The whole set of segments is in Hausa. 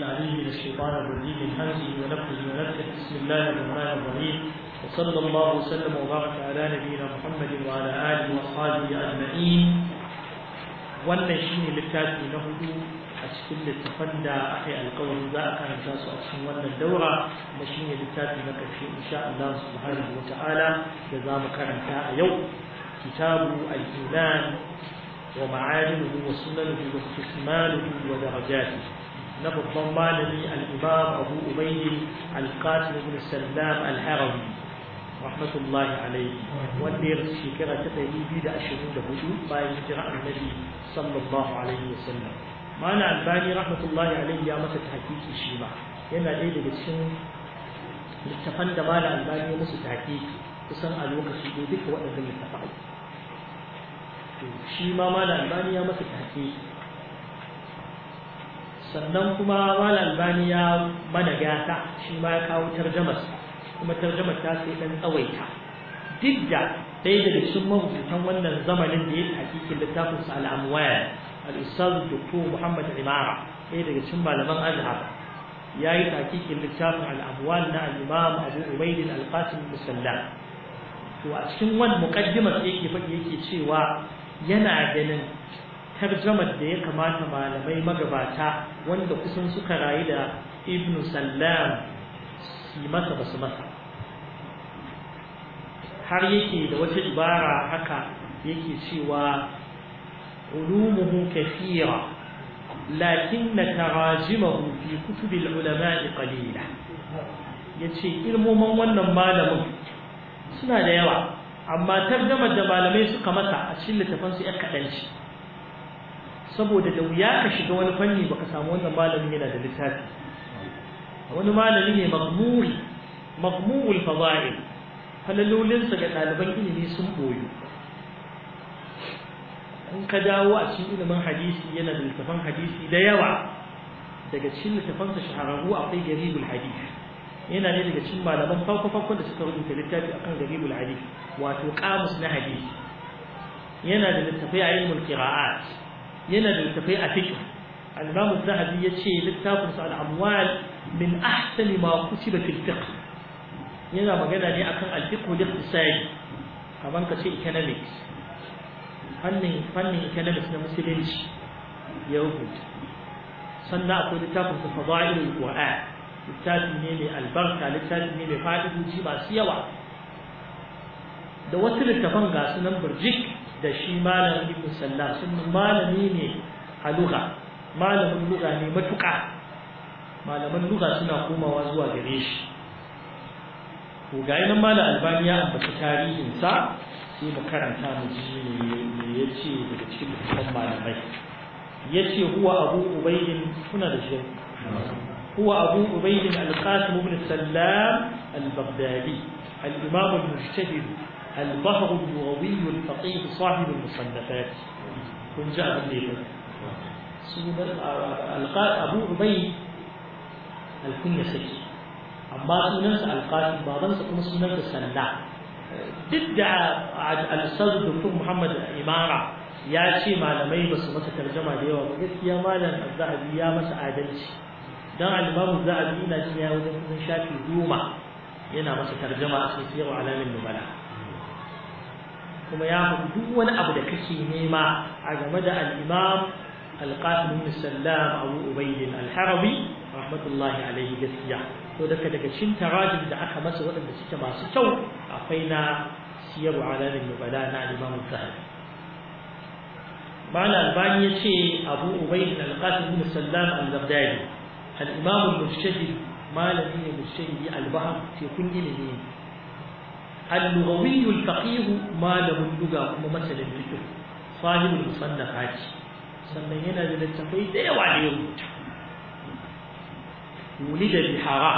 التعليم من الشيطان الرجيم من همزه ونفذه ونفذه بسم الله الرحمن الرحيم وصلى الله وسلم وبارك على نبينا محمد وعلى اله وصحبه اجمعين والنشين لكاس له اشكل التفن دا اخي القول دا اخي الجاس اخشن ولا الدورة نشين لكاس نكفي ان شاء الله سبحانه وتعالى مكان كرمتا يوم كتاب الايمان ومعالمه وسننه واستثماله ودرجاته na babban malami al-imam abu Ubaidi al-qasim ibn sallam al haram rahmatullahi alayhi wanda ya rasu shekara ta biyu da da ashirin hudu bayan hijira annabi sallallahu alaihi sallam. mana albani rahmatullahi alayhi ya masa tahqiqi shi ba yana ɗaya daga cikin littafan da mana albani ya ta hakiki kusan a lokaci ne duka waɗanda littafai to shi ma mala albani ya masa ta hakiki. sannan kuma mal albani ya mana gata shi ma ya kawo tarjamar kuma tarjamar ta sai dan tsawaita duk da ɗaya daga cikin marubutan wannan zamanin da ya hakikin littafin sa al'amwaya al-ustaz doktor muhammad imara ɗaya daga cikin malaman azhar ya yi hakikin littafin al'amwal na al-imam abu ubaidin al-qasim musalla to a cikin wani muƙaddimar yake faɗi yake cewa yana ganin tarjamar da ya kamata malamai magabata wanda kusan suka rayu da ibn sallam su masa basu masa har yake da wata ibara haka yake cewa ulumuhu kathira lakin na tarajimahu fi kutubil ulama'i qalila yace ilmomin wannan malamin suna da yawa amma tarjamar da malamai suka masa a cikin littafansu ya kaɗanci saboda da wuya ka shiga wani fanni baka samu wannan malamin yana da littafi wani malami ne magmuri magmurul fada'il falalolinsa ga ɗaliban ilimi sun boyu in ka dawo a cikin ilimin hadisi yana da littafan hadisi da yawa daga cikin littafansa shahararru akwai garibul hadisi yana ne daga cikin malaman farko-farko da suka rubuta littafi akan garibul hadisi wato kamus na hadisi yana da littafai a ilmul qira'at yana da littafai a fiqh al-imam az-zahabi ce littafin sa al-amwal min ahsani ma ci fil fiqh yana magana ne akan al-fiqh da iqtisadi kaman kace economics fannin fannin economics na musulunci ya rubuta sannan akwai littafin sa fadailul qur'an littafi ne mai albarka littafin ne mai fa'idoji masu yawa da wasu littafan ga sunan nan burjik da shi malamin ibn sallah sun malami ne a lugha malamin lugha ne matuƙa malaman lugha suna komawa zuwa gare shi to ga nan malam albani ya ambaci tarihinsa sai mu karanta mu ji me ya ce daga cikin littattafan malamai ya ce huwa abu ubaidin kuna da shi هو أبو عبيد القاسم بن سلام البغدادي الإمام المجتهد البحر اللغوي الفقيه صاحب المصنفات كن جاء بالليل ألقى أبو عبي الكنية سيء عن بعض الناس ألقى بعض الناس أقوم سنة سنة تدعى الأستاذ الدكتور محمد إمارة يا شي ما لم يبس ما تترجم عليه وقلت يا مالا لم يا ما سأعدلش دعا الإمام الزعبي إلى جميع ودفن شاكي دوما ينا ما تترجم أسنسير وعلام النبلاء kuma ya faɗi duk wani abu da kake nema a game da al-imam al abu ubayd alharabi harabi rahmatullahi alayhi gaskiya to daga daga cikin tarajim da aka masa waɗanda suke masu kyau akwai na siyaru alamin nubala na imam al-zahabi mala albani yace abu ubayd al-qasim ibn sallam al-zabdani al-imam al-mujtahid malami ne mujtahidi al-bahr tekun ilimi اللغوي الفقيه ما له اللغة كما مثل الفتو صاحب المصنفات سمينا من التقويد ايو عليهم ولد بحراء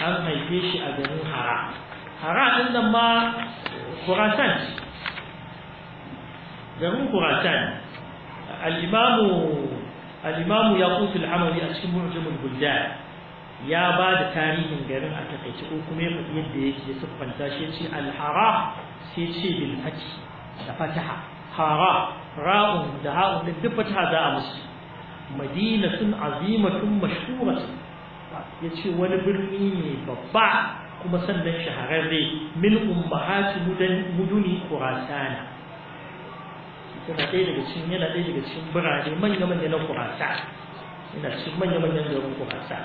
أم أيديش أدنو حراء حراء عندما خراسان جمو خراسان الإمام الإمام يقول في العمل أسكي معجم البلدان ya ba da tarihin garin a takaice ko kuma ya faɗi yadda yake ya siffanta shi ce alhara sai ce bil fati da fataha hara ra'un da ha'un da duk fataha za a musu azima tun mashhuratun ya ce wani birni ne babba kuma sannan shahararre Min ummahati muduni kurasana yana ɗaya daga cikin yana ɗaya daga cikin birane manya-manya na kurasa yana cikin manya-manyan garin kurasa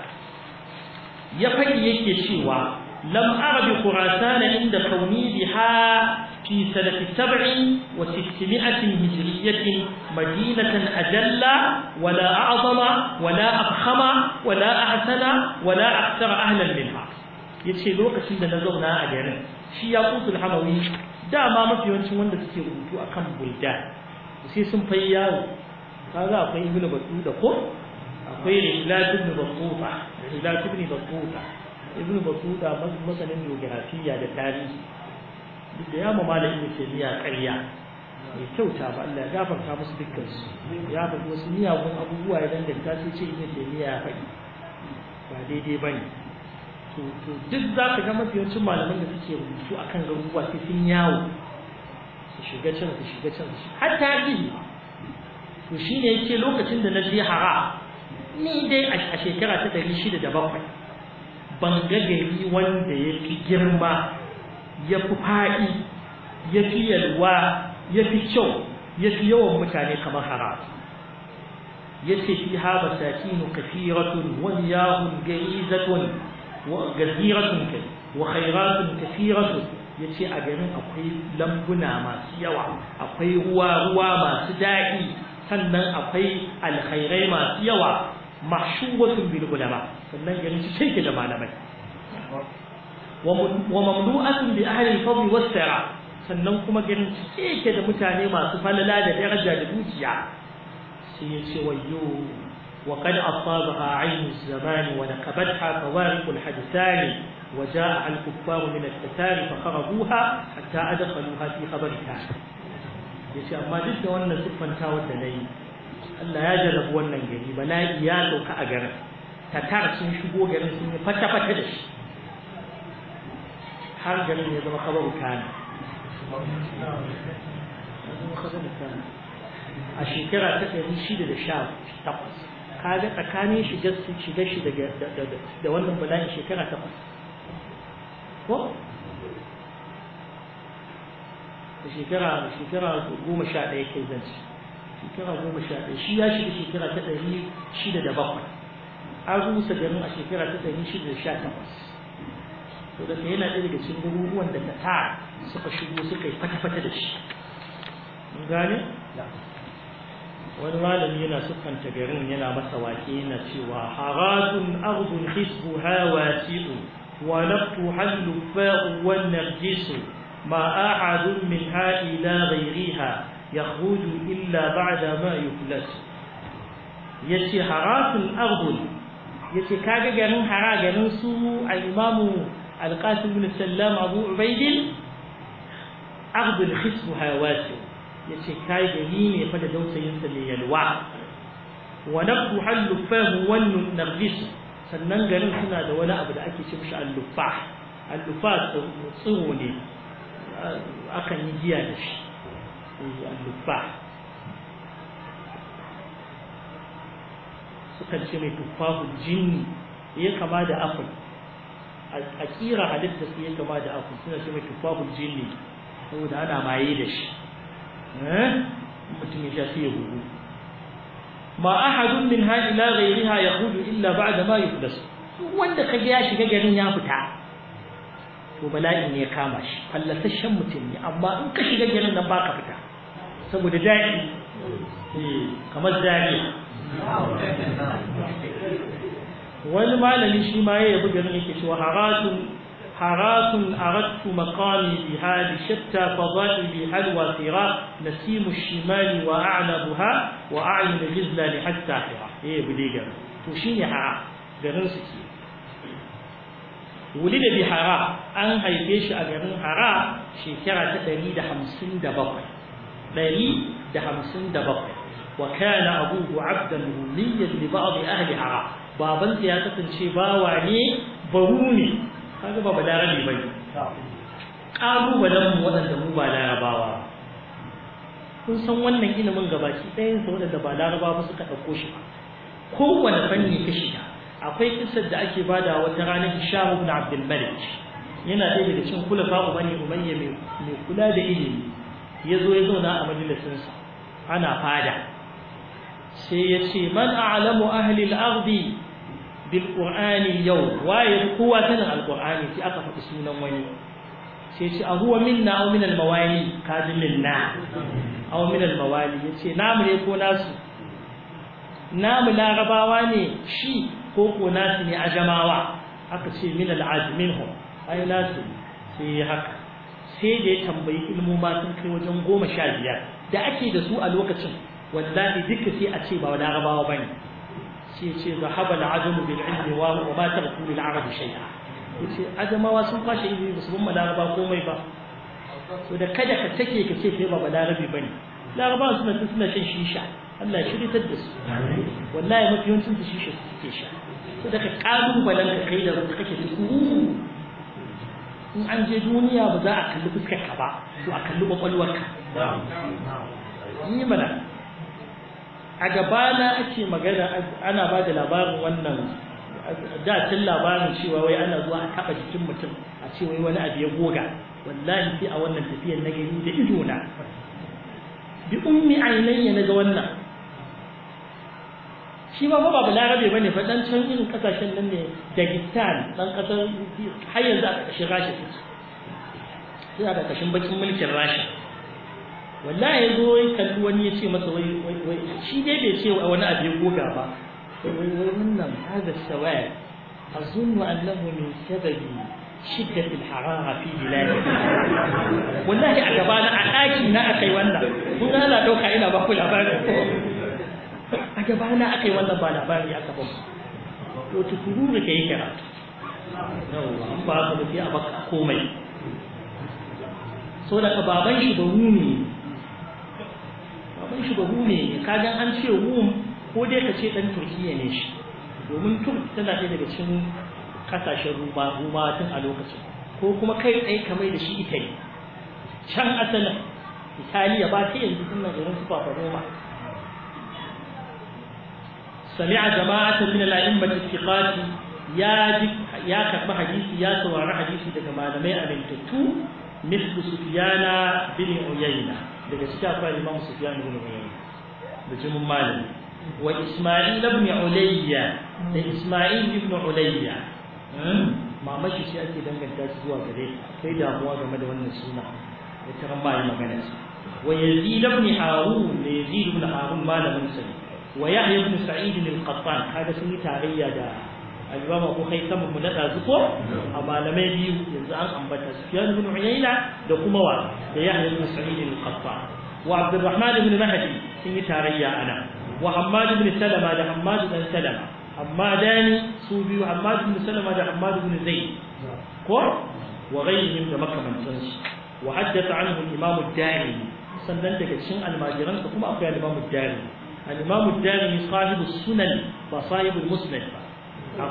ya faɗi yake cewa lam arabi qurasana inda tawmidiha fi sanati 70 wa 600 hijriyyatin madinatan ajalla wala a'zama wala afkhama wala ahsana wala aktsara ahlan minha ce lokacin da na zauna a garin shi ya kusul hamawi dama mafi yawancin wanda suke rubutu akan buldan sai sun fayyawo kaga akwai hula batu da ko akwai rilat ibn battuta rilat ibn battuta ibn battuta masanin geografiya da tarihi duk da ya yamma malam ibn taymiya ƙarya mai kyauta ba Allah ya gafarta musu dukkan su ya ba wasu miyagun abubuwa idan da ta ce ibn taymiya ya faɗi ba daidai ba to to duk za ka ga mafiyancin malaman da suke rubutu akan garuruwa sai sun yawo su shiga can su shiga can su shiga hatta yi to shine yake lokacin da na je hara ni dai a shekara ta ɗari shida da bakwai ban ga gari wanda ya fi girma ya fi fa'i ya fi yalwa ya fi kyau ya fi yawan mutane kamar hara ya ce fi ha masakinu kafiratun wani yahun gazizatun gaziratun kai wa khairatun kafiratun ya ce a garin akwai lambuna masu yawa akwai ruwa ruwa masu daɗi sannan akwai alkhairai masu yawa mahshuwatun bil ulama sannan ya rinci sai da malamai wa mamlu'atun bi ahli al-fadl was-sira sannan kuma garin cike da mutane masu falala da daraja da dukiya sai ya ce wayyo wa qad asabaha aynu zamani wa naqabatha fawariq al-hadithani wa jaa al-kuffar min al-tatari fa kharabuha hatta adkhaluha fi khabarika yace amma duk da wannan siffantawar da nayi Allah ya jarrabu wannan gari bala'i ya sauka a garin tatar sun shigo garin sun yi fata-fata da shi har garin ya zama kabaru kan a shekara ta ɗari ka ga tsakanin shi da tsakanin shiga su shiga shi da wannan bala'in shekara ta ko shekara shekara goma sha ɗaya kai zan ci shekara goma sha ɗaya shi ya shiga shekara ta ɗari shida da bakwai an rusa garin a shekara ta ɗari shida da sha takwas to da yana ɗaya daga cikin garuruwan da ta suka shigo suka yi fata-fata da shi mun gane wani malami yana siffanta garin yana masa wake yana cewa haratun ardun hisbu hawati'u wa naftu hallu fa'u wan narjisu ma ahadun min ha ila ghayriha يخرج إلا بعد ما يفلس يتي حراس الأرض يتي كاغا جنون حرا جنون سو الإمام القاسم بن سلام أبو عبيد أرض الخصم هواسي يتي كاي جنين فدا دوسا ينسل يلوى ونقح اللفاه والنرجس sannan garin suna da wani abu da ake ce mishi allufa allufa tsiro ne akan yi giya da shi al-tufah sukan ce mai tufahun jini ya kama da akwai a kira halitta su ya kama da akwai suna ce mai tufahun jinni saboda ana maye da shi eh? mutum ya sai ya gugu ma ahadun min ha ila ghayriha yahudu illa ba'da ma yufdas wanda ka ga ya shiga garin ya fita to bala'in ne ya kama shi fallasashen mutum ne amma in ka shiga garin nan ba ka fita saboda daɗi kamar zariya wani malami shi ma ya yabi garin yake cewa haratun haratun arattu maqami bi hadi shatta fadai bi halwa sira nasimu shimali wa a'labuha wa a'yun jizla li hatta sira eh bude garin to shine hara garin su ke wulida bi hara an haife shi a garin hara shekara ta 157 ɗari da hamsin da bakwai wa kana abubu abdan rumiyyar li ba'd ahli hara. babansa ya kasance bawa ne baru ne kaga ba balarabi bane kalubalen mu waɗanda mu ba larabawa kun san wannan ilimin gabaki ɗayan sa waɗanda ba larabawa suka ɗauko shi ba kowane fanni ka shiga akwai kisar da ake bada wata ranar Hisham na Abdul Yana yana ɗaya daga cikin kulafa Ubani Umayya mai kula da ilimi ya zo ya zauna a majalisinsa ana fada sai ya ce man a'lamu ahli al-ardi bil qur'ani yau waye kowa tana al-qur'ani sai aka faɗi sunan wani sai ce a huwa minna aw min al-mawali kaji minna aw min al-mawali yace namu ne ko nasu namu larabawa ne shi ko ko nasu ne ajamawa aka ce min al-ajminhum ai nasu sai haka sai da ya tambayi ilmoma sun kai wajen goma sha biyar da ake da su a lokacin wallahi duka sai a ce ba larabawa ba ne sai ce za haɓa la'ajamu bil ilmi wa ma ta ku lil arabi shay'a yace ajamawa sun kwashe ilimi ba su ban laraba komai ba to da kada ka take ka ce sai ba ba ne. larabawa suna suna shan shisha Allah ya shiritar da su wallahi mafi yawancin su shisha suke sha to da ka kalubalen ka kai da kake su in an je duniya ba za a kalli fuskar ka ba to a kalli kwakwalwar ka ni mana a gaba na ake magana ana ba da labarin wannan da tun labarin cewa wai ana zuwa a taɓa jikin mutum a ce wai wani abu ya goga wallahi sai a wannan tafiyar na gani da idona. na bi ummi ainihin ya naga wannan shi ma ba larabe bane fa dan can irin kasashen nan ne Dagestan dan kasar har yanzu a kashin Rasha suke suna da kashin bakin mulkin Rasha wallahi yanzu ya kalli wani ya ce masa wai wai shi dai bai ce wani abu ya goga ba wai wannan hada sawai azun wa annahu min sababi harara fi wallahi a gaba na a daki na akai wannan kun ga قلنا dauka ina ba ku labarin a gaba na aka yi wannan ba labari aka ko to tukuru da ke yi karatu ba ka da a baka komai so daga baban shi ba rumi baban shi ba rumi ne kaga an ce rum ko dai ka ce dan turkiya ne shi domin tun tana ɗaya daga cikin kasashen ruba ruba tun a lokacin ko kuma kai tsaye kamar da shi ita ne. can asalin italiya ba ta yanzu tun nan garin su fafa roma sami'a jama'atan min al-a'immati thiqati ya ji ya karbi hadisi ya saurari hadisi daga malamai amintattu mislu sufyana bin uyayna daga cikin akwai imam sufyan bin uyayna da jimin malami wa isma'il ibn ulayya da isma'il ibn ulayya mamaki shi ake danganta shi zuwa gare kai damuwa game da wannan suna da tarar ba yi magana wa yazid ibn harun da yazid ibn harun malamin sa ne wa yahya ibn sa'id al-qattan kaga sun yi tarayya da al-imam abu haitham mun da zuko a malamai biyu yanzu an ambata sufyan ibn uyayna da kuma wa da yahya ibn sa'id al-qattan wa abdurrahman ibn mahdi sun yi tarayya ana wa hammad ibn salama da hammad ibn salama Amma hammadani su biyu hammad ibn salama da hammad ibn zaid ko wa ghayrihim da makamantansu wa haddatha anhu al-imam ad-dari sannan daga cikin da kuma akwai al-imam ad-dari al-imam ad-darimi sahibu sunan ba sahibu musnad ba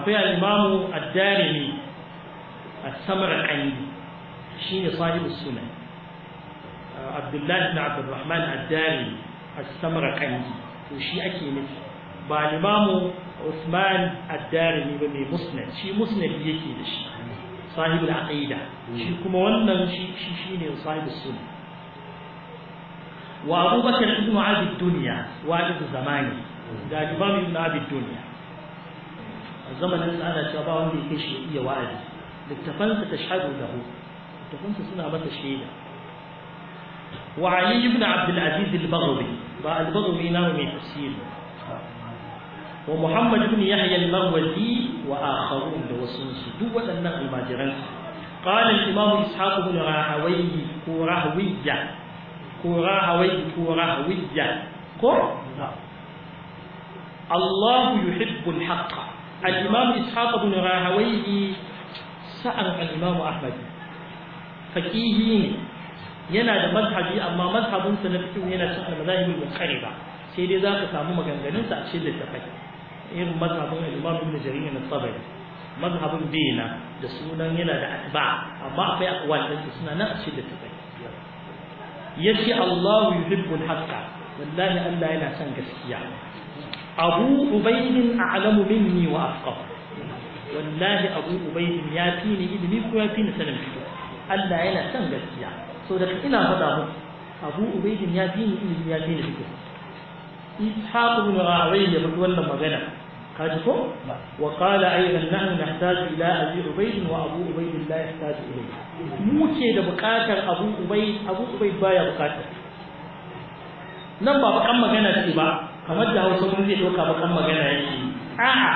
akwai a imam ad-darimi as-samarqandi shine sahibu sunan abdullahi ibn abd al-rahman ad-darimi as-samarqandi to shi ake nufi ba alimamu usman a darimi ba mai musnad shi musnad yake da shi sahibul aqida shi kuma wannan shi shine sahibus sunnah وأبو بكر ابن عبد الدنيا والد زماني ده الإمام ابن عبد الدنيا الزمن اللي أنا شباب عندي كشي يا وعد لتفنت تشهد له لتفنت سنة ما تشهد وعلي بن عبد العزيز البغوي البغوي نام من تفسير ومحمد بن يحيى المروزي وآخرون لوسنس دول النقل ماجران قال الإمام إسحاق بن راهوي ورهوية turaha wai bi turaha wijja ko Allah yuhibbu al-haqq al-imam ishaq ibn rahawayi sa'an al-imam ahmad faqihi yana da mazhabi amma mazhabinsa na fiqh yana cikin al-mazahib al-mukhariba sai dai zaka samu maganganun sa a cikin littafai irin mazhabin al-imam ibn jarir al-tabari mazhabin bina da sunan yana da atba amma akwai aqwal da suna nan a cikin littafai yace Allahu yuhibbul haqqa wallahi Allah yana son gaskiya Abu Ubayd a'lamu minni wa afqah wallahi Abu Ubayd ya fi ni ilimi ko ya fi ni sanin fito Allah yana son gaskiya so da ina faɗa muku Abu Ubayd ya fi ni ilimi ya fi ni fito Ishaq ibn Rawi ya faɗi wannan magana كاجكو وقال أيضا نحن نحتاج إلى أبي عبيد وأبو عبيد لا يحتاج إليه موكي ده بقاتل أبو عبيد أبو عبيد بايا بقاتل نبا magana ce ba? kamar da hausa mun zai ɗauka bakan magana yake a'a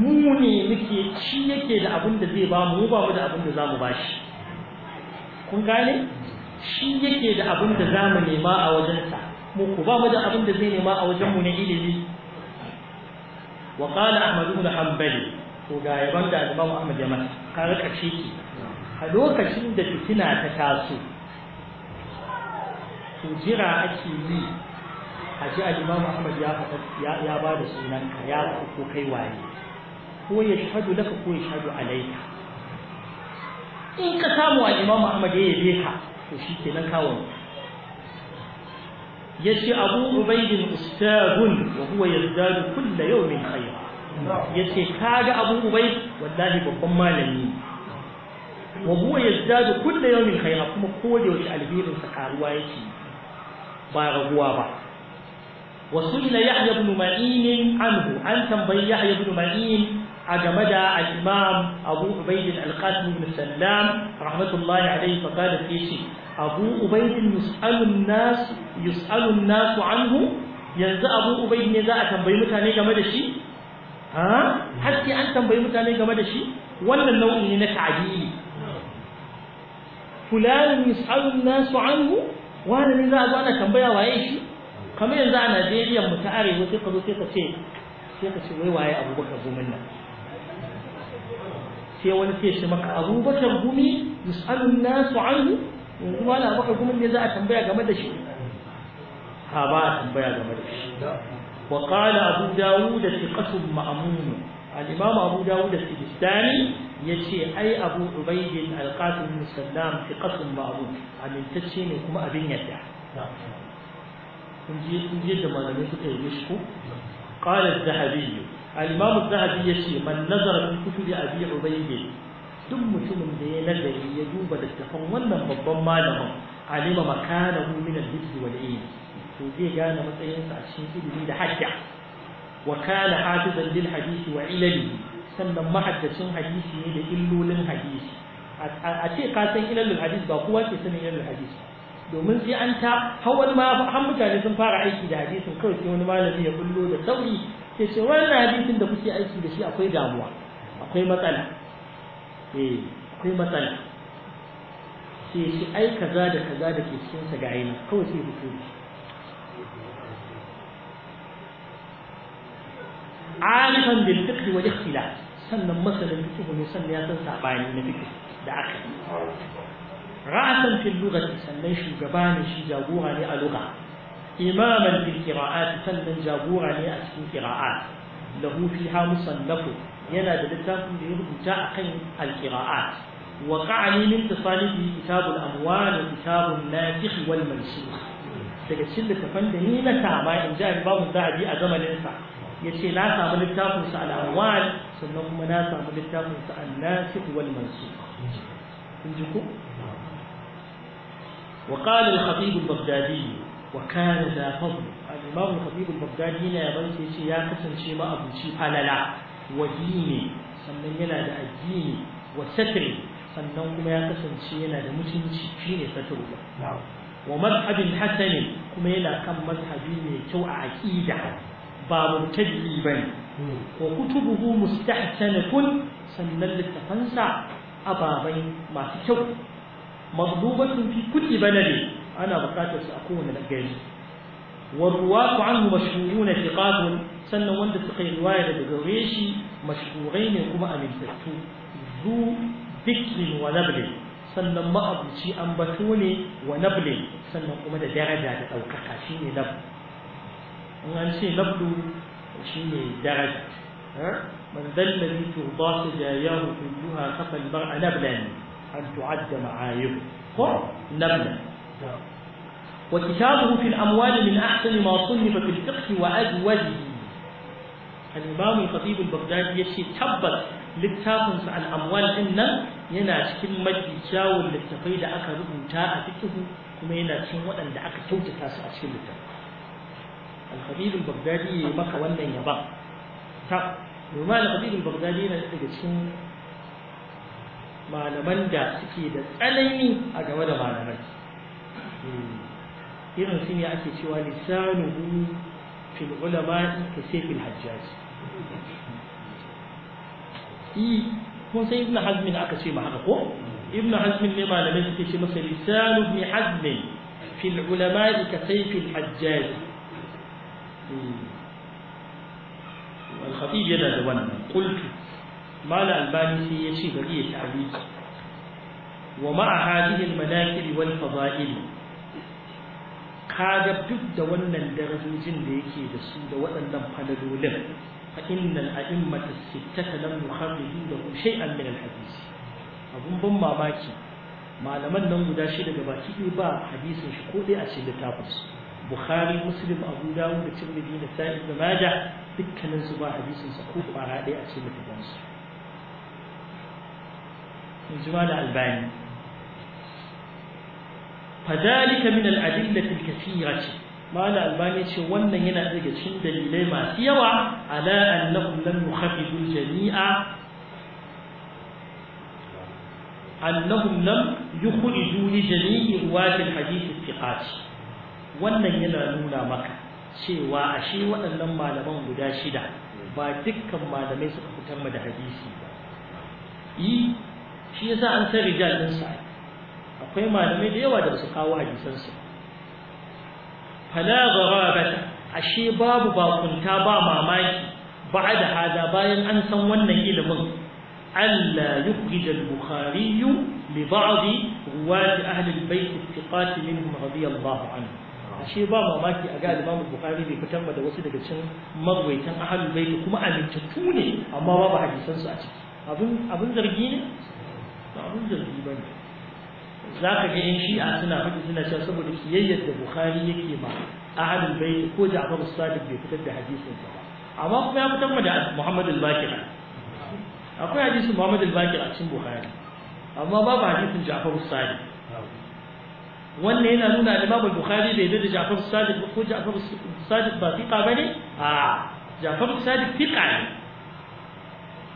mu ne muke shi yake da abin da zai ba mu ba mu da abin da za mu shi kun gane shi yake da abin da za nema a wajensa mu ku ba mu da abin da zai nema a wajenmu na ilimi wa kala ahmadu ibn hanbali to ga yaban da imam ahmad ya masa ka rika ciki a lokacin da fitina ta taso to jira ake yi a ji al ahmad ya faɗa ya ba da sunanka ya faɗa ko kai waye ko ya shahadu laka ko ya shahadu alaika in ka samu al ahmad ya yabe ka to shi kenan kawo يجي أبو عبيد أستاذ وهو يزداد كل يوم خيرا يجي كاج أبو عبيد والله بقم مالين وهو يزداد كل يوم خيرا كم قول يوش ألبير سكار وايتي بارا بوابا وسئل يحيى بن معين عنه عن تنبي يحيى بن معين أجمد الإمام أبو عبيد القاسم بن سلام رحمة الله عليه فقال في شيء abu ubaidin yus'alun nas yus'alun nas anhu yanzu abu ubaidin ne za a tambayi mutane game da shi ha har sai an tambayi mutane game da shi wannan nau'i ne na ta'dili fulanun yus'alun nas anhu wani ne za a zo ana tambaya waye shi kamar yanzu a Najeriya mu ta arewa sai ka zo sai ka ce sai ka ce wai waye Abubakar Gumin nan sai wani ke shi maka Abubakar Gumi yus'alun nas anhu yanzu ma na maka kuma ne za a tambaya game da shi ha ba a tambaya game da shi wa qala abu dawud thiqatun ma'mun al-imam abu dawud as-sijistani yace ai abu ubayd al-qasim bin sallam thiqatun ma'mun amintacce ne kuma abin yadda kun ji kun ji da malamai suka yi mishi ko qala az-zahabi al-imam az-zahabi yace man nazara fi kutubi abi ubayd duk mutumin da ya nazari ya duba tafan wannan babban malamin alima makana min al-hifz wal ilm to zai gane matsayinsa a cikin ilimi da hajja wa kana hafizan lil hadisi wa ilmi sannan mahaddacin hadisi ne da illolin hadisi a ce ka san ilalul hadisi ba kowa ke sanin ilalul hadisi domin sai an ta hawan ma har mutane sun fara aiki da hadisin kawai sai wani malami ya bullo da sauri sai wannan hadisin da kuke aiki da shi akwai damuwa akwai matsala eh akwai matsala sai shi ai kaza da kaza da ke cikin sa ga aina kawai sai fito shi arifan bil fiqh wal ikhtilaf sannan masalan fiqh ne sannan ya san sabani na fiqh da aka yi ra'asan fil lughati sannan shugaba ne shi jagora ne a lugha imaman fil qira'at sannan jagora ne a cikin qira'at lahu fiha musannafu yana da littafin da ya rubuta akan al-qira'at wa qa'ali min tasalifi kitabul amwal wa kitabun nasikh wal mansukh daga cikin littafan da ni na sama in ji al-babu sa'adi a zamanin sa yace na samu littafin sa al-amwal sannan kuma na samu littafin sa an-nasikh wal mansukh kun ji ku وقال الخطيب البغدادي وكان ذا فضل الإمام الخطيب البغدادي لا يبنسي يا كسن شيء ya kasance ma فلا falala wa dini sannan yana da addini wa satri sannan kuma ya kasance yana da mutunci shine satru wa madhabin hasani kuma yana kan mazhabi mai kyau a aqida ba mubtadi bane hmm. wa kutubuhu mustahsanatun sannan littafansa ababai masu kyau magdubatun fi kulli baladi ana bukatar su a kowane gari والرواة عنه مشهورون ثقات سنة وند سقي رواية بغريشي مشهورين كما أمين تتو ذو ذكر ونبل سنة ما أبوشي أنبتوني ونبل سنة كما درجة أو كاكاشيني نبل أن شيء نبل شيني درجة من ذا الذي ترضى سجاياه كلها خفى المرأة نبلا أن تعد معايب نبلا وكتابه في الأموال من أحسن ما صنف في الفقه وأجوده الإمام الخطيب البغدادي يشي تبت لتابن في الأموال إن يناش كل مجد يتشاور للتقيد أكبر من تاء فكه كما يناش ينوال أن دعك توت تاسع شكل الخطيب البغدادي مكة وانا يبا تاب لما الخطيب البغدادي نتجسين ما لمن دا سكيدة أليني أجوال ما لمن irin su ne ake cewa lisanuhu fil ulama ka sai fil hajjaj i kun sai ibn hazmin aka ce ma haka ko ibn hazmin ne malamai suke ce masa lisanu ibn hazmin fil ulama ka sai fil hajjaj al-khatib yana da wannan qultu mala albani sai ya ce bari ya ta'aliki wa ma'a hadhihi al-manakib wal fada'il Ka ga duk da wannan darajojin da yake da su da waɗannan falalolin fa innal a'immata sittata lam yukhallidu lahu shay'an min al-hadith abun ban mamaki malaman nan guda shi daga baki ɗaya ba hadisin shi ko dai a cikin littafin su bukhari muslim abu dawud da tirmidhi da sa'i da majah dukkanin su ba hadisin ko kwara ɗaya a cikin littafin su in ji da albani fadalika min al'adillati al ce. mala albani ce wannan yana daga cikin dalilai masu yawa ala annahum lam yukhafidu jami'a annahum lam yukhriju li jami'i ruwat al-hadith al-thiqat wannan yana nuna maka cewa ashe waɗannan malaman guda shida ba dukkan malamai suka fitar da hadisi ba yi shi yasa an san rijal din sa'i akwai malamai da yawa da basu kawo hadisan su fala gharabata ashe babu bakunta ba mamaki ba'da hada bayan an san wannan ilimin ألا يخرج البخاري لبعض رواة أهل البيت الثقات منهم رضي الله عنه ashe ba mamaki a ga Imam Bukhari bai fitar da wasu daga cikin magwaitan ahlul bait kuma amintattu ne amma babu hadisan su a ciki abin abin zargi ne abin zargi bane za ka ga yan shi'a suna faɗi suna cewa saboda kiyayyar da bukhari yake ma ahalul bai ko ja'far sadiq bai fitar da hadisin sa ba amma kuma ya fitar da muhammad al-bakir akwai hadisin muhammad al-bakir a cikin bukhari amma babu hadisin ja'far sadiq wannan yana nuna da babu bukhari bai da ja'far sadiq ko ja'far sadiq ba fiqa bane a ja'far sadiq fiqa ne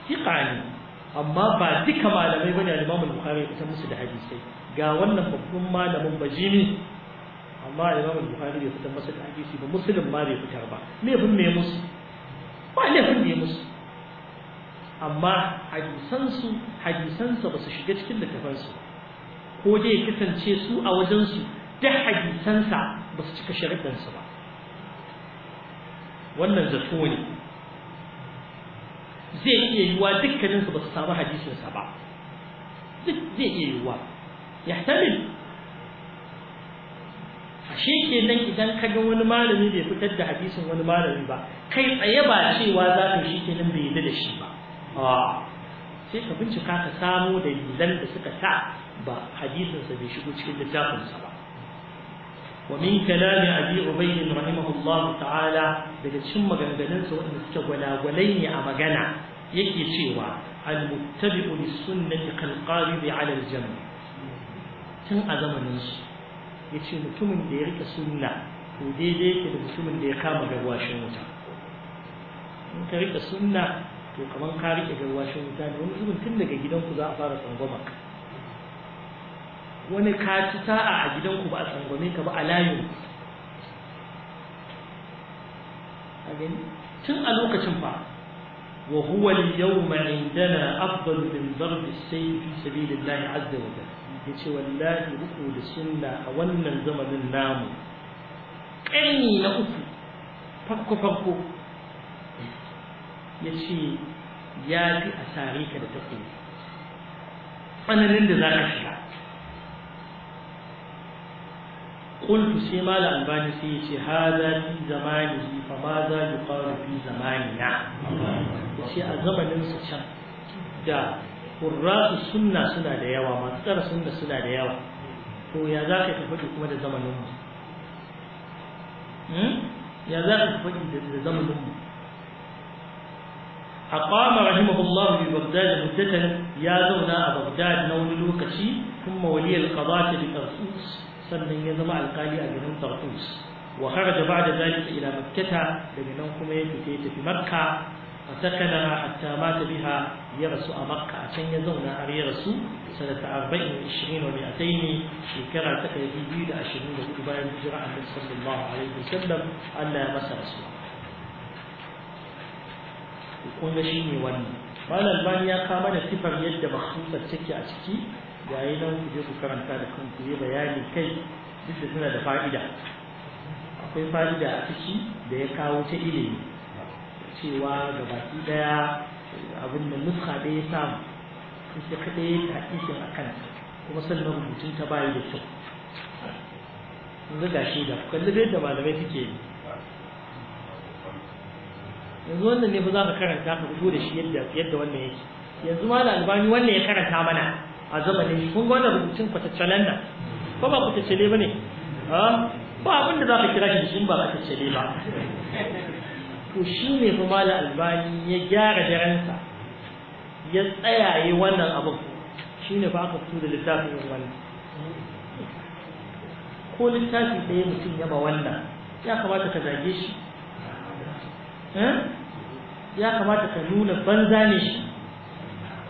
fiqa ne amma ba duka malamai bane al-imam bukhari ya fitar musu da hadisai ga wannan babban malamin bajimi amma imam Buhari bai fitar masa da hadisi ba muslim ma bai fitar ba laifin me musu ba laifin me musu amma hadisansu hadisansa ba su shiga cikin littafansu ko dai kasance su a wajensu da hadisansa ba su cika sharaɗinsu ba wannan zato ne zai iya yiwuwa dukkaninsu ba su samu hadisinsa ba duk zai iya yiwuwa yahtamil ashe kenan idan ka ga wani malami bai fitar da hadisin wani malami ba kai tsaye ba cewa za ka shi kenan bai yi da shi ba sai ka bincika ka samo dalilan da suka sa ba hadisinsa bai shigo cikin littafinsa ba ومن كلام أبي عبيد رحمه الله تعالى daga cikin maganganunsa waɗanda suka gwalagwalai ne a magana yake cewa al-muttabi'u lis-sunnati kal-qaribi 'ala al-jamr tun a zamanin shi ya ce mutumin da ya rika sunna to daidai yake da mutumin da ya kama garwashin wuta in ka rika sunna to kamar ka rike garwashin wuta ne wani zubin tun daga gidanku za a fara tsangwama wani ka ci sa'a a gidanku ba a tsangwame ka ba a layin tun a lokacin fa wa huwa al-yawma indana afdalu min darbi as-sayf fi sabilillah azza wa jalla ya ce wallahi uku da sunna a wannan zamanin namu ƙarni na uku farko ya ce ya fi a sare ka da tafi tsananin da za ka shiga kuntu sai ma da albani sai ya ce ha za fi zamani yi fa ma za fi fara fi zamani na ya ce a zamaninsa can da kurasu sunna suna da yawa masu tsara suna suna da yawa to ya za ka tafi kuma da zamaninmu hmm? a kwamar rahimahullahu bi babda da ya zauna a babda na wani lokaci kuma mawali alkabata da tartus sannan ya zama alkali a ginin tartus da ba da zaki ila makkata daga nan kuma ya fita ya tafi makka فسكنها حتى مات بها يرسو أمقى أتن يزونا أر يرسو سنة أربعين وعشرين ومئتين شكرا تقريبي بيد أشرين وكبار الجراء صلى الله عليه وسلم ألا مس رسول يكون شيني وني قال الباني قام نتفر يد مخصوصة تكي أتكي جاينا وكجيكو كرمتا لكم كي بياني كي duk da suna da fa'ida akwai fa'ida a ciki da ya kawo ta ilimi cewa ga baki daya abin da nuska da ya samu sun sai kaɗai yin hakikin a kan kuma sannan rubutun ta bayi da kyau sun zaga shi da kalli da malamai suke yi yanzu wannan ne ba za ka karanta ka fito da shi yadda wannan yake yanzu ma da albani wannan ya karanta mana a zamanin kun ga wannan rubutun kwataccelen nan ko ba ne ba ne ah, ba abin da za ka kira shi ba ne ba to shi ne kuma da albani ya gyara jaransa ya tsayaye wannan abin shi ne ba aka fito da littafin yin wani ko littafi ɗaya mutum ya ba wannan ya kamata ka zage shi eh? ya kamata ka nuna banza ne shi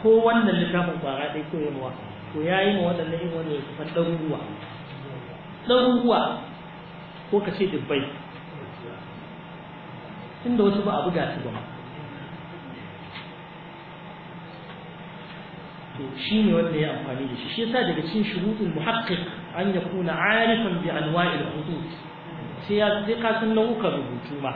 ko wannan littafin kwara ɗaya ko yamuwa to ya yi ma waɗannan yin wani ya kusan ɗaruruwa ɗaruruwa ko ka ce dubbai inda wasu ba a buga su ba to shi ne wanda ya amfani da shi shi yasa daga cikin shurutul muhaqqiq an yakuna arifan bi anwa'il hudud sai ya sai ka san nau'ukan rubutu ma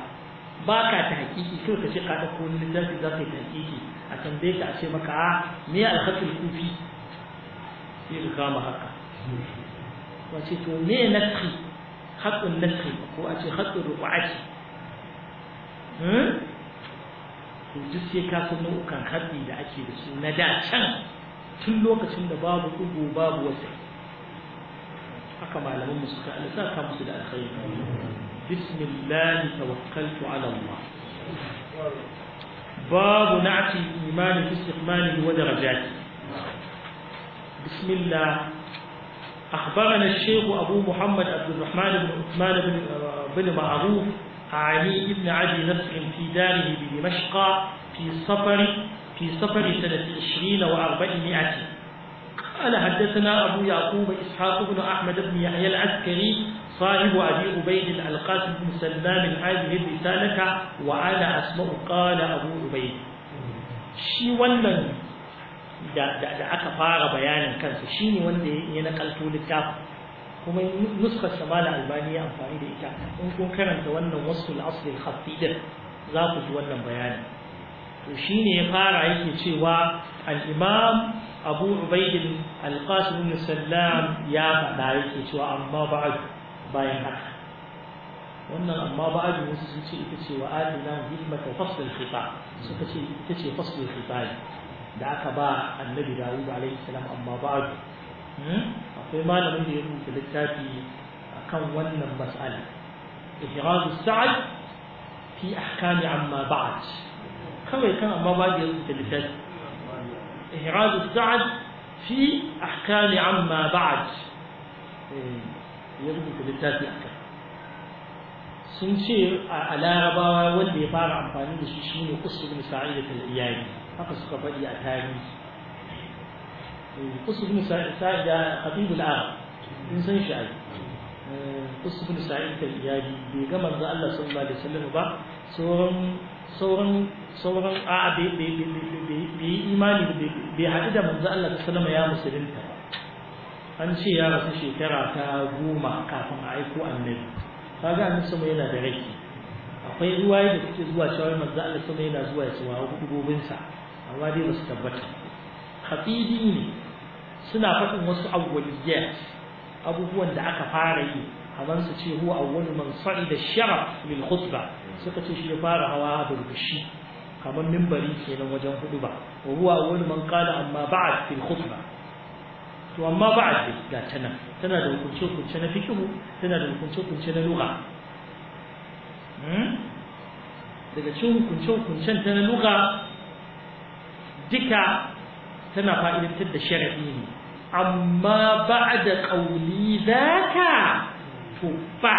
ba ka ta hakiki kai ka ce ka dauko wani littafi za ka yi hakiki a tambaye ka a ce maka a ah, me alkhatul kufi sai ka kama haka wace to me nakhi khatun nakhi ko a ce khatun rubu'ati Hmm? duk sai ka san nau'ukan hatsi da ake da su na da can tun lokacin da babu ɗigo babu wasu haka malamin mu suka alisa ka musu da alkhairi bismillah tawakkaltu ala Allah babu na'ti imani fi istiqmalihi wa darajati bismillah أخبرنا الشيخ أبو محمد عبد الرحمن بن عثمان بن معروف علي بن عدي نصر في داره بدمشق في سفر في سفر سنة عشرين وأربعمائة قال حدثنا أبو يعقوب إسحاق بن أحمد بن يحيى العسكري صاحب أبي عبيد القاسم بن سلام هذه الرسالة وأنا أسمع قال أبو عبيد شي ولن da aka fara bayanin kansa shine wanda ya nakalto littafin kuma nuskar shamala albani ya amfani da ita in kun karanta wannan wasu al'asli khafi za ku ji wannan bayani to shi ne ya fara yake cewa al-imam abu ubaid al-qasim ibn ya faɗa yake cewa amma ba'd bayan haka wannan amma ba'd wasu sun ce ita ce wa atina hikmata fasl al-khitab suka ce ita ce fasl al-khitab da aka ba annabi dawud alaihi salam amma ba'd akwai malamin da ya rubuta littafi akan wannan mas'ala ihrazu sa'ad fi ahkami amma ba'd kawai kan amma ba da rubuta littafi ihrazu sa'ad fi ahkami amma ba'd ya rubuta littafi akan sun ce a larabawa wanda ya fara amfani da shi shine usul misa'ida ta iyali haka suka faɗi a tarihi قص بن سعيد حبيب العرب من سن شعيب قص بن سعيد الإيادي بيقام رضا الله صلى الله عليه وسلم با سورا سورا سورا آ بي بي بي بي بي بي بي بي من الله صلى الله عليه وسلم يا an ce ya rasu shekara ta goma kafin a aiko annabi kaga annabi sama yana da rai akwai ruwa da suke zuwa cewa manzo Allah sama yana zuwa ya tsawa hudu gobinsa amma dai ba su tabbata khatibi ne suna faɗin wasu awwaliyat abubuwan da aka fara yi kamar su ce huwa awwalu man sa'ida shara lil khutba suka ce shi ya fara hawa burbushi kamar minbari kenan wajen hudu ba wa huwa awwalu man qala amma ba'd fil khutba to amma ba'd ga tana tana da hukunce hukunce na fiqhu tana da hukunce hukunce na lugha hmm? daga cikin hukunce hukuncen ta na lugha duka tana fa'idantar da sharadi ne amma ba'da qawli zaka to ba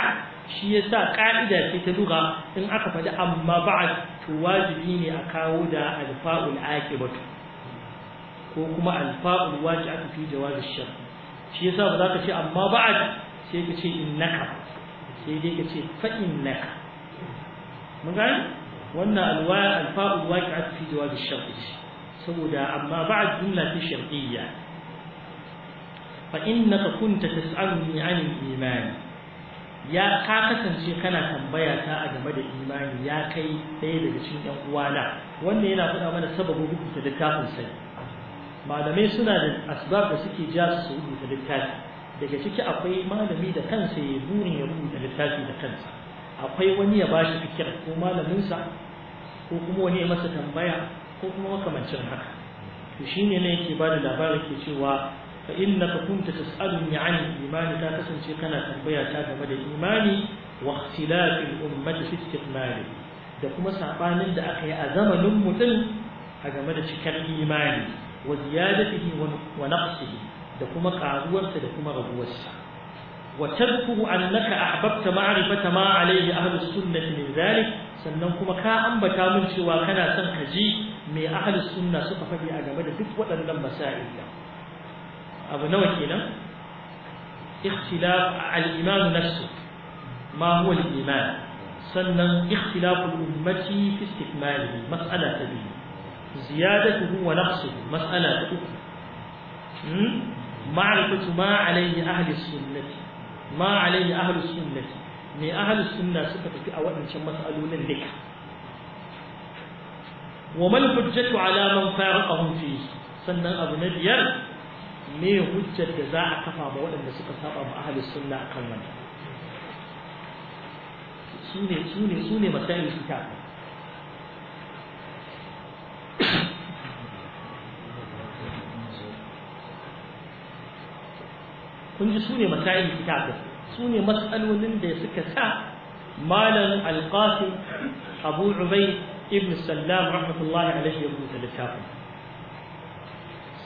shi ya sa ƙa'ida ce ta lugha in aka faɗi amma ba'd to wajibi ne a kawo da alfa'ul batu, ko kuma alfa'ul aka fi jawaz shan. shi ya sa ba za ka ce amma ba'd sai ka ce in naka, sai dai ka ce fa'in naka. mun gani wannan alwa alfa'ul aka fi da jawaz shar saboda amma ba'd jumla ce shar'iyya fa ka kunta tas'aluni 'an al-iman ya ka kasance kana tambaya ta a game da imani ya kai ɗaya daga cikin uwa na. wanda yana faɗa mana sababin rubuta littafin sai malamai suna da asbab da suke ja su rubuta littafi daga ciki akwai malami da kansa ya burin ya rubuta littafi da kansa akwai wani ya bashi fikir ko malaminsa ko kuma wani ya masa tambaya ko kuma makamancin haka to shine ne yake ba da labarin ke cewa fa innaka kunta tas'aluni 'an al-iman ta kasance kana tambaya ta game da imani wa ikhtilafi al-ummati fi istiqmali da kuma sabanin da aka yi a zamanin mutum a game da cikar imani wa ziyadatihi wa naqsihi da kuma karuwarsa da kuma raguwarsa wa tadhkuru annaka ahbabta ma'rifata ma alayhi ahlus sunnah min dhalik sannan kuma ka ambata mun cewa kana son ka ji me ahlus sunna suka faɗi a game da duk waɗannan masail أبو نوح هنا اختلاف على الإيمان نفسه ما هو الإيمان سنة اختلاف الأمة في استكماله مسألة تبين زيادته ونقصه مسألة أخرى معرفة ما عليه أهل السنة ما عليه أهل السنة من أهل السنة سكت في أول إن شمس ألون لك وما الحجة على من فارقهم فيه سنة أبو نبيل me hujjar da za a kafa ba waɗanda suka saba ma ahli sunna kan wannan sune sune sune masalan kitab kun ji sune masalan kitab sune matsalolin da suka sa malam alqasim abu ubay ibn sallam rahmatullahi alaihi ya rubuta littafin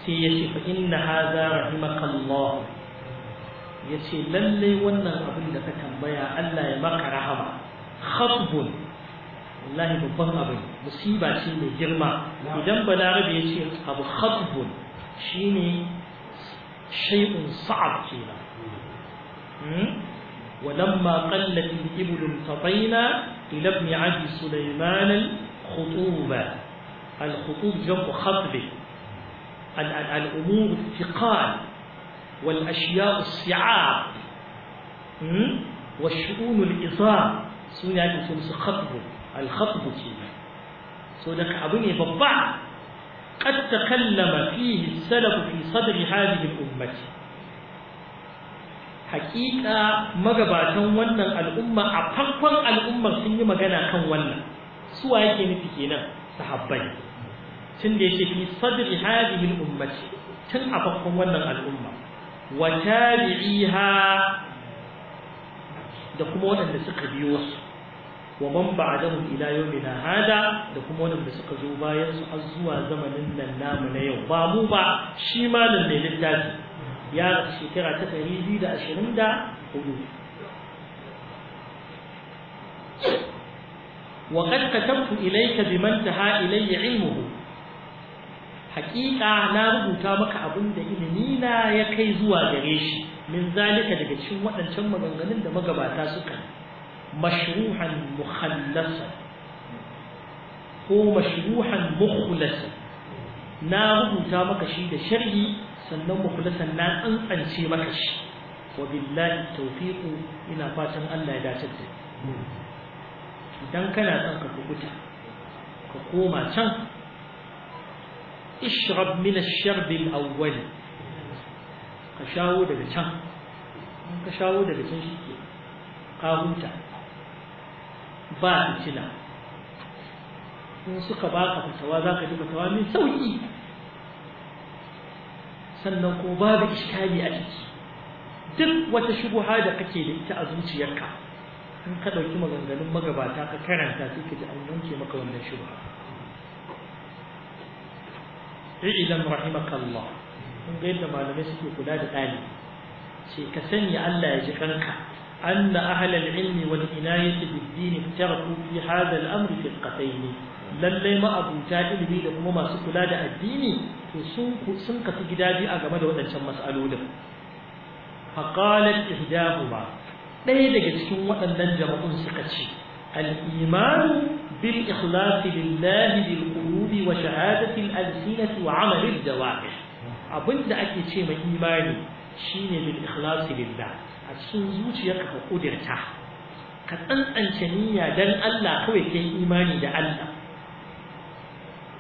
تي يا شيخ ان هذا رحمك الله يا شيخ للي وانا ابن ده تنبيه الله يمك رحمه خطب والله بفهم مصيبه شي من جرما نعم. اذا بلاغب يا شيخ خطب شيني شيء صعب كذا ولما قلت الابل فطينا الى ابن عبد سليمان الخطوبه الخطوب جنب خطبه الأمور الثقال والأشياء الصعاب والشؤون الإظام سنة الأصول خطب الخطب فيها سنك أبني ببع قد تكلم فيه السلف في صدر هذه الأمة حقيقة magabatan wannan الأمة a الأمة al'ummar sun yi magana kan wannan su wa tun da yake fi sadri hadhihi al tun a farkon wannan al'umma wa tabi'iha da kuma waɗanda suka biyo su wa man ba'dahum ila yawmina hada da kuma waɗanda suka zo bayan su har zuwa zamanin nan namu na yau ba mu ba shi malam mai littafi ya rasu shekara ta ɗari biyu da ashirin da hudu وقد كتبت إليك بمن تها إلي علمه haƙiƙa na rubuta maka abin da ilimi na ya kai zuwa gare shi min zalika daga cikin waɗancan maganganun da magabata suka mashruhan mukhallasa ko mashruhan mukhlasa na rubuta maka shi da sharhi sannan mukhlasan na tsantsance maka shi wa billahi tawfiqu ina fatan Allah ya dace da idan kana son ka kukuta ka koma can ishrab min ash-sharb al-awwal ka shawo daga can ka shawo daga can shi ke ka huta ba fitina in suka baka fatawa za ka ji fatawa mai sauki sannan ko babu iskali a ciki duk wata shubuha da kake da ita a zuciyarka in ka ɗauki maganganun magabata ka karanta sai ka ji an yanke maka wannan shubuha i'lam rahimakallah kun ga yadda malamai suke kula da ɗalibi ce ka sani Allah ya ji kanka أن أهل العلم والعناية بالدين افترقوا في هذا الأمر ne, lallai ma'abuta ilimi da kuma masu kula da addini to sun kasu gida biyu a game da waɗancan mas'alolin faqalat ihdahuma ɗaya daga cikin waɗannan jama'un suka ce al-imanu Bil lillahi بالإخلاص wa بالقلوب وشهادة الألسنة وعمل الجوارح abin da ake ce ma imani shine bil ikhlasi lillah a cikin zuciyarka ka kudirta ka tsantsance niyya dan Allah kawai kai imani da Allah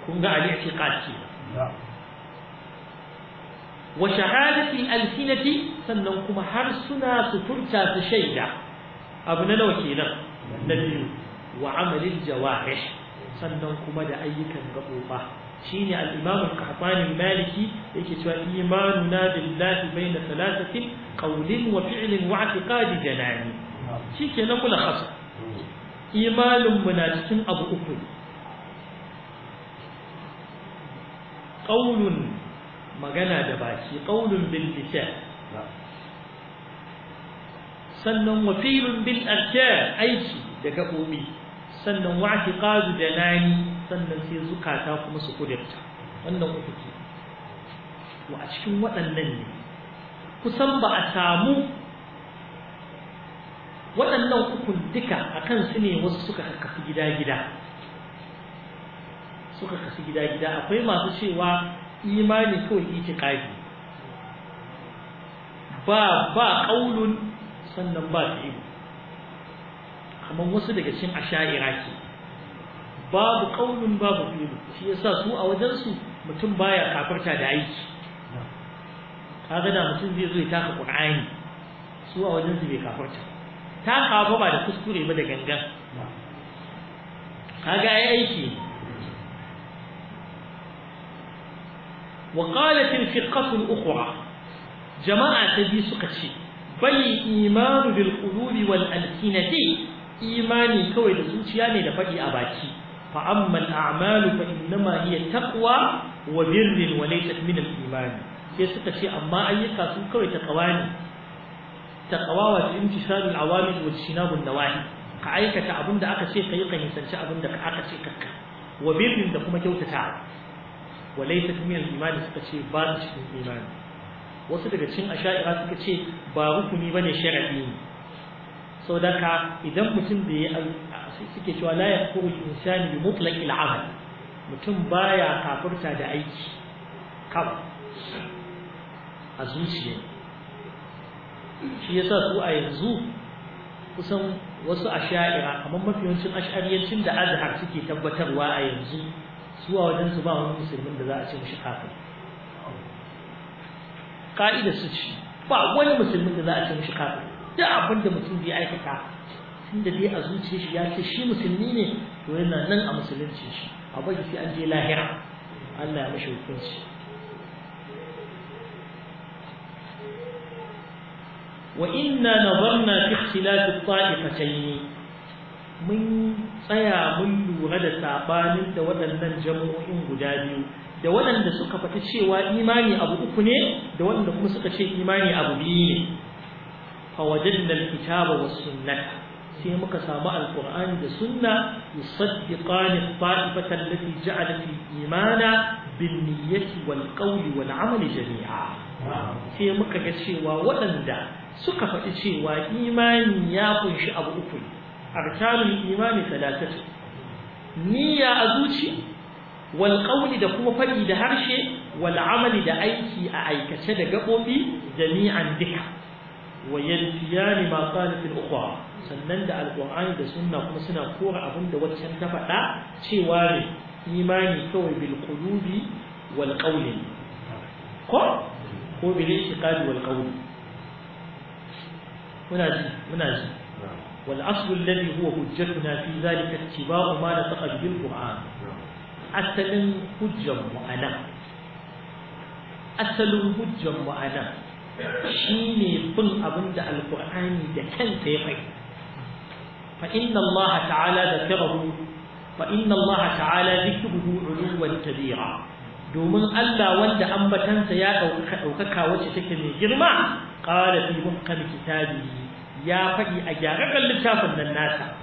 kun ga ali ce kaci wa shahadati alsinati sannan kuma har suna su furta su shaida abu na nawa kenan na biyu wa amalil jawahih sannan kuma da ayyukan gaɓoɓa shine al-imam al-qahtani maliki yake cewa imanuna billahi baina thalathatin qawlin wa fi'lin wa i'tiqad janani na kula khasa imanin na cikin abu uku qawlun magana da baki qawlun bil lisan sannan wa fi'lun bil aiki da gaɓoɓi. sannan da nani, sannan sai zukata kuma su kudirta wannan uku ke wa a cikin waɗannan ne kusan ba a samu waɗannan ukun duka a kan su ne wasu suka kafi gida-gida suka kafi gida-gida akwai masu cewa imani kawai itiqadi ba ba ƙaunun. sannan ba fi'il kamar wasu daga cikin asha'ira ke babu qaulun babu fi'lu shi yasa su a wajen su mutum baya kafarta da aiki kaga da mutum zai zo ya taka ƙur'ani su a wajen su bai kafirta ta kafa ba da kuskure ba da gangan kaga ya aiki وقالت الفرقة الأخرى جماعة تبي سكتشي بل الإيمان بالقلوب والألسنة imani kawai da zuciya ne da faɗi a baki fa amma al'amalu fa innama hiya taqwa wa birrin wa laysat min al imani. sai suka ce amma ayyuka su kawai taqwa ne taqwa wa imtisalu al-awamir wa ijtinabu an-nawahi ka aikata abinda aka ce kai ka nisanci abinda aka ce kakka wa birrin da kuma kyautata wa laysat min al-iman suka ce ba cikin imani wasu daga cikin asha'ira suka ce ba rukuni bane sharadi ne sau ka, idan mutum da ya suke cewa la ya kuru insani bi mutlaq al'amal mutum baya kafurta da aiki kaf a zuciya shi yasa su a yanzu kusan wasu asha'ira kamar mafiyancin ash'ariyancin da azhar suke tabbatarwa a yanzu zuwa wajen su ba wani musulmin da za a ce mishi kafir Ka'ida su ce ba wani musulmin da za a ce mishi kafir duk abin da mutum bai aikata tunda dai a zuciyar shi ya ce shi musulmi ne to yana nan a musulunci shi a bari sai an je lahira Allah ya mashi hukunci wa inna nazarna fi ikhtilafi at-ta'ifatayn mun tsaya mun lura da sabanin da waɗannan jama'o'in guda biyu da waɗanda suka faɗi cewa imani abu uku ne da waɗanda kuma suka ce imani abu biyu ne فوجدنا الكتاب والسنة سيمك سامع القرآن والسنة يصدقان الطائفة التي جعلت الإيمان بالنية والقول والعمل جميعا سيمك كشيوا ولندا suka faɗi cewa imani ya ƙunshi abu uku arkanul imani talatatu niyya da kuma faɗi da harshe wal amali da aiki a aikace da gaɓoɓi jami'an duka وينفيان ما قال في الأخرى سنن القرآن دا سنة كما سنة كورة أبن دا واتشان نفع دا كوي بالقلوب والقول كو كو بالإشتقاد والقول منازل منازل نعم. والأصل الذي هو حجتنا في ذلك اتباع ما نطق بالقرآن القرآن أسلم حجة وأنا أسلم حجة وأنا shi ne bin abin da alkur'ani da kanta ya fai fa inna Allah ta'ala zakarahu fa inna Allah ta'ala zikruhu uluwan kabira domin Allah wanda ambatansa ya ɗaukaka ɗaukaka wacce take mai girma Ƙara fi muhkam kitabi ya faɗi a gyararren littafin nan nasa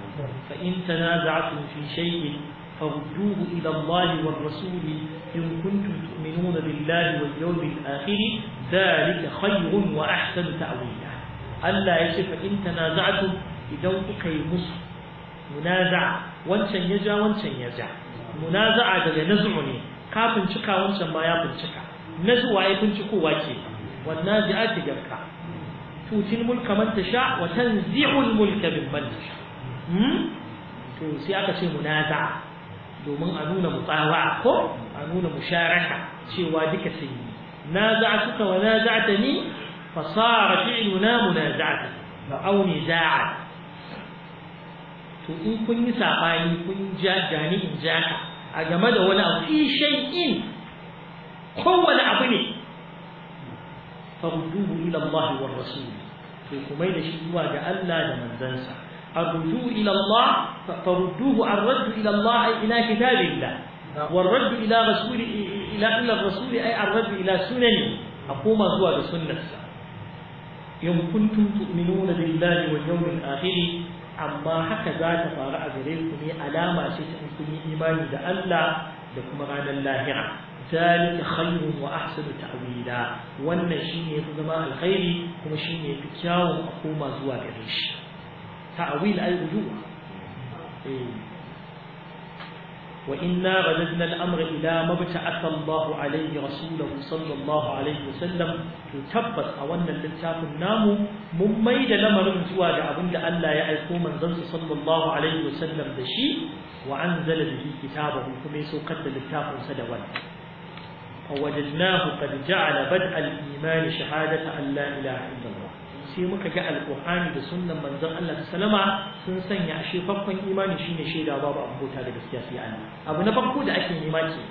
fa in tanaza'tum fi shay'in فردوه إلى الله والرسول إن كنتم تؤمنون بالله واليوم الآخر ذلك خير وأحسن تأويلا ألا يشف إن تنازعتم إذا كي مصر منازع وانشن يجا وانشن يجا منازع دل نزعني كافن شكا وانشن ما يابن شكا نزوى يبن شكو واجي والنازعات جركا تؤتي الملك من تشاء وتنزع الملك ممن تشاء to sai aka ce munaza domin a nuna mutsawa ko a nuna musharaka cewa duka sai نازعتك ونازعتني فصار فعلنا منازعة أو نزاعا to in kun yi saɓani kun ja jani in ja a game da wani abu fi shay'in kowane abu ne farduhu ila Allah wa rasul to kuma da shi zuwa ga Allah da manzansa arduhu ila Allah farduhu arraddu ila Allah ila kitabillah والرد إلى رسول إلى إلى الرسول أي الرد إلى سننه أقوم هو بسنة إن كنتم تؤمنون بالله واليوم الآخر amma haka za ta faru a gare ku ne alama ce ta kun yi imani da Allah da kuma ranar lahira zalika khayrun wa ahsanu ta'wila wannan shine zama alkhairi kuma shine yafi kyawun a shi وإنا غددنا الأمر إلى ما ابتعث الله عليه رسوله صلى الله عليه وسلم تثبت أولنا للتاف النام مميد لمر زواج أبن ألا يأيقو من زوج صلى الله عليه وسلم دشي وأنزل به كتابه كما يسوقت للتاف سدوا فوجدناه قد جعل بدء الإيمان شهادة أن لا إله إلا الله sai muka ga alƙur'ani da sunnan manzon Allah sallama sun sanya a farkon imani shine shaida babu abota da gaskiya sai Allah abu na farko da ake nema ce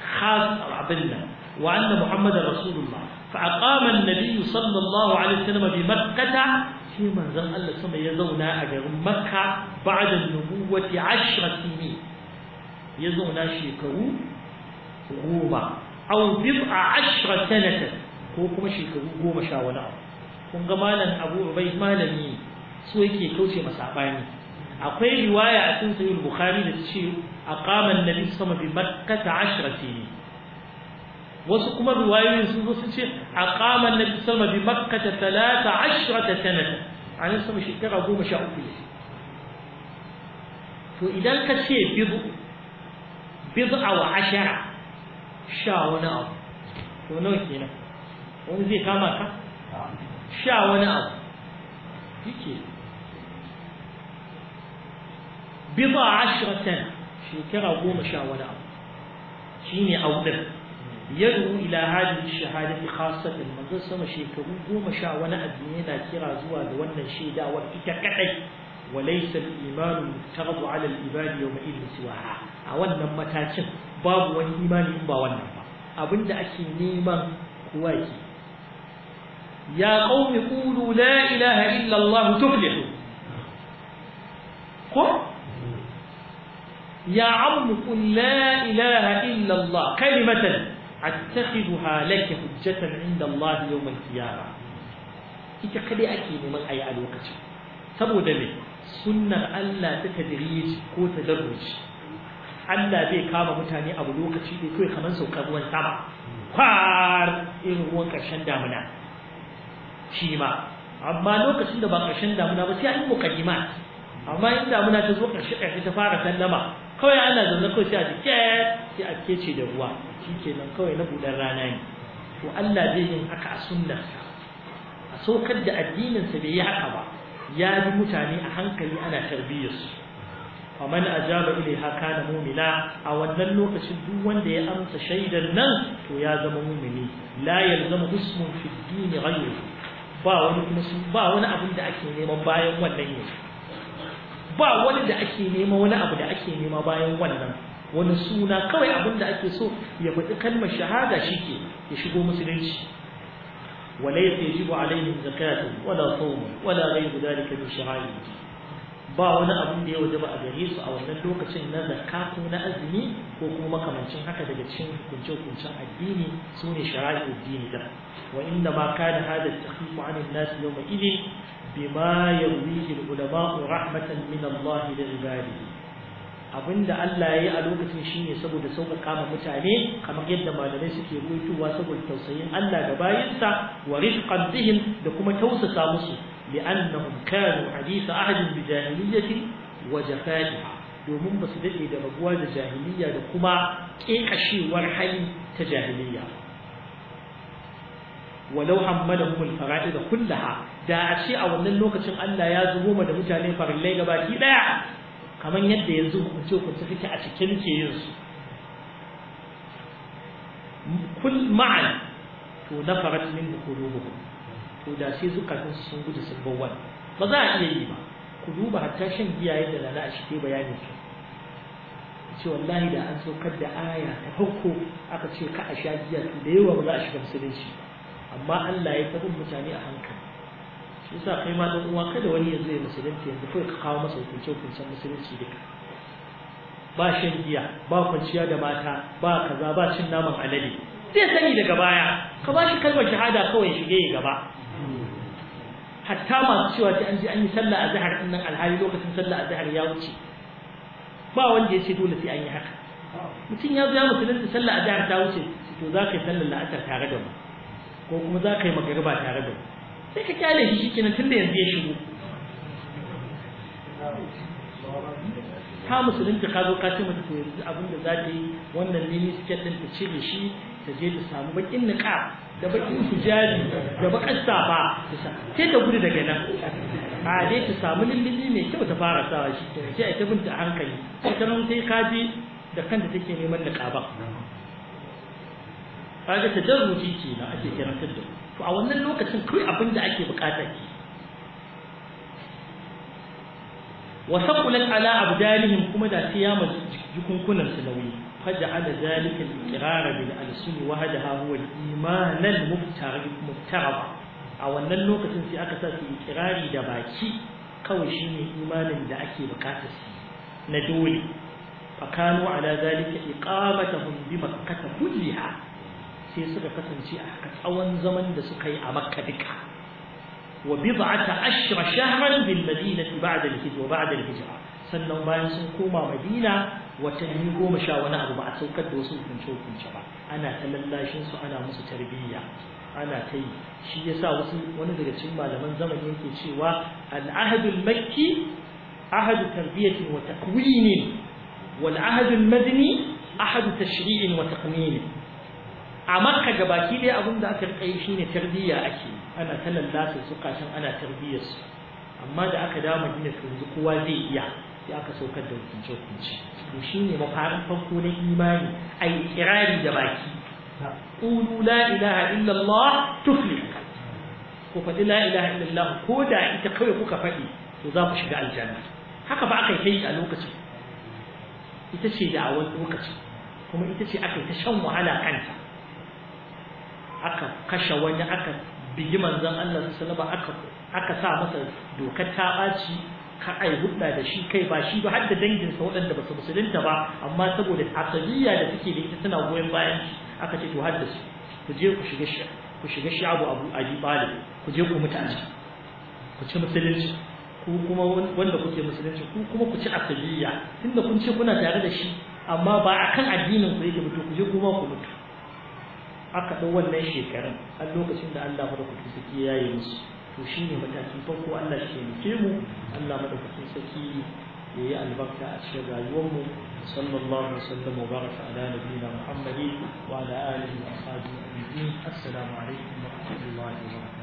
khas abinna wa anna muhammadar rasulullah fa aqama an-nabi sallallahu alaihi wasallam bi makkah sai manzon Allah sama ya zauna a garin makka ba'da an-nubuwati 10 sinin ya zauna shekaru goma aw bid'a 10 sanatan ko kuma shekaru goma sha wani abu kun ga malam abu ubai malami so yake kauce masa masabani akwai riwaya a cikin sahih bukhari da ce aqama an-nabi sama bi makkah 10 sinin wasu kuma riwayoyin sun zo sun ce aqama an-nabi sama bi makkah 13 sanata an sama shekara goma sha uku to idan ka ce bid'u bid'a wa ashara sha wani abu to nawa kenan wani zai kama ka sha wani abu yake bid'a ashra sana shekara goma sha wani abu shine audar yadu ila hadhihi shahadati khassatan manzo sama shekaru goma sha wani abu yana kira zuwa da wannan shaidawar ita kadai وليس الإيمان المفترض على العباد يومئذ سواها a wannan matakin babu wani imani ba wannan ba abinda ake neman kuwa ke ya ƙauni qulu la ilaha illa Allah tuflihu ko ya ammu qul la ilaha illa Allah kalimatan attakhidha laka hujjatan inda Allah yawm al ita kadai ake neman ayi a lokaci. saboda me sunnar Allah ta tadriji ko tadarruji Allah zai kama mutane abu lokaci ne kamar saukar ruwan sama kwar irin ruwan ƙarshen damina shi ma amma lokacin da ba ƙarshen damuna ba sai an muqaddimat amma in damuna ta zo ƙarshe ƙarshe ta fara sallama kawai ana zanne kawai sai a ce sai a kece da ruwa shikenan kawai na buɗar rana ne to Allah zai yin haka a sunnarsa a saukar da addinin sa bai yi haka ba ya bi mutane a hankali ana tarbiyyarsu faman ajaba haka na mu'mina a wannan lokacin duk wanda ya amsa shaidar nan to ya zama mu'mini la yalzamu husmun fi dini ba wani kuma su ba wani abin da ake neman bayan wannan yanzu ba wani da ake nema wani abu da ake nema bayan wannan wani suna kawai abin da ake so ya faɗi kalmar shahada shike ya shigo musulunci ولا يجب عليهم زكاة ولا صوم ولا غير ذلك من شعائر ba wani abin da ya waje ba a gare su a wannan lokacin na zakka ko na azumi ko kuma makamancin haka daga cikin hukunce-hukuncen addini su ne shara'i addini da wa inda ma kana hada takhifu an nas yawma idin bima yarwihi ulama rahmatan min Allah li Abin da Allah ya yi a lokacin shine saboda sauƙaƙa ma mutane kamar yadda malamai suke ruwaitowa saboda tausayin Allah ga bayinsa wa rifqan da kuma tausasa musu لأنهم كانوا حديث أحد بجاهلية وجفائها domin ba su daɗe da raguwa da jahiliya da kuma ƙeƙashewar hali ta jahiliya walau kuma al-fara'id kullaha da a ce a wannan lokacin Allah ya zubo ma da mutane farillai gabaki daya kamar yadda yanzu hukunce hukunce suke a cikin ke yin su kul ma'an to nafarat min qulubuhum to da sai zukatan su sun gudu sun bawwan ba za a iya yi ba ku duba hatta shan giya yadda lala a shige bayani su ce wallahi da an saukar da aya ta farko aka ce ka a sha giya to da yawa ba za a shiga musulunci amma Allah ya tabbun mutane a hankali shi yasa kai ma dan uwa kada wani yanzu ya musulunci yanzu kai ka kawo masa hukunce hukuncen musulunci duka ba shan giya ba kwanciya da mata ba kaza ba cin naman alade zai sani daga baya ka ba shi kalmar shahada kawai shige ya gaba hatta masu cewa sai an je an yi sallah azhar din nan alhali lokacin sallah a azhar ya wuce ba wanda ya ce dole sai an yi haka mutum ya zama musulunci sallah a azhar ta wuce to za ka yi sallar la'asar tare da mu ko kuma za ka yi magariba tare da mu sai ka kyale shi shikenan tunda yanzu ya shigo ta musulunta ka zo ka ce mata to yanzu abin da za ta yi wannan ne ni suke ɗin ta cire shi ta je ta samu baƙin niƙa da bakin jari da bakar safa sai ta gudu daga nan a dai ta samu lullubi mai kyau ta fara sawa shi sai a ta binta hankali ta nan sai kaji da kanta take neman da A kaga ta ce na ake kiran ta da to a wannan lokacin kai abin da ake bukata ki wa saqulat ala abdalihim kuma da siyama jikunkunan su nauyi فجعل ذلك الإقرار بالألسن وهدها هو الإيمان المفترض أو أن اللوكة في أكثر إقرار دباكي قوشين إيمانا دعكي بكاتس ندولي فكانوا على ذلك إقامتهم بمكة كلها سيسر قتن في أحكت أول زمن دسقي أمكة بك وبضعة أشر شهرا بالمدينة بعد الهجرة بعد الهجرة سنوا ما ينسنكوما مدينة watanni goma sha wani abu ba a saukar da wasu hukunce-hukunce ba ana ta lallashin su ana musu tarbiyya ana ta yi shi yasa wasu wani daga cikin malaman zamani yake cewa al'ahadul makki ahadu tarbiyatin wa takwinin wal ahadul madani ahadu tashri'in wa taqninin a makka baki dai abin da aka shi shine tarbiyya ake ana ta lallasa su kashin ana tarbiyyar su amma da aka dama gina yanzu kowa zai iya sai aka saukar da hukunce hukunce to shine mafarin farko na imani ai ikirari da baki qulu la ilaha illa Allah ko faɗi la ilaha illa ko da ita kawai kuka faɗi to za ku shiga aljanna haka ba aka yi a lokacin ita ce da a wani lokaci kuma ita ce aka yi ta shan wahala kanta aka kashe wani aka bigi manzon Allah sallallahu alaihi wasallam aka aka sa masa dokar ta ɓaci ka ai hudda da shi kai ba shi ba har da sa waɗanda ba su musulunta ba amma saboda asaliya da suke da ita tana goyon bayan shi aka ce to har da su ku je ku shiga shi ku shiga shi abu abu abi ku je ku mutane ku ci musulunci ku kuma wanda kuke musulunci ku kuma ku ci asaliya tunda kun ce kuna tare da shi amma ba akan addinin ku yake mutu ku je kuma ku mutu aka ɗau wannan shekarun a lokacin da Allah fara sarki ya yi musu to shine matakin farko Allah shi ne mu Allah madaukakin ya yi albarka a cikin rayuwarmu sallallahu alaihi wasallam wa baraka ala nabiyina muhammadin wa ala alihi wa ashabihi assalamu alaikum wa rahmatullahi wa barakatuh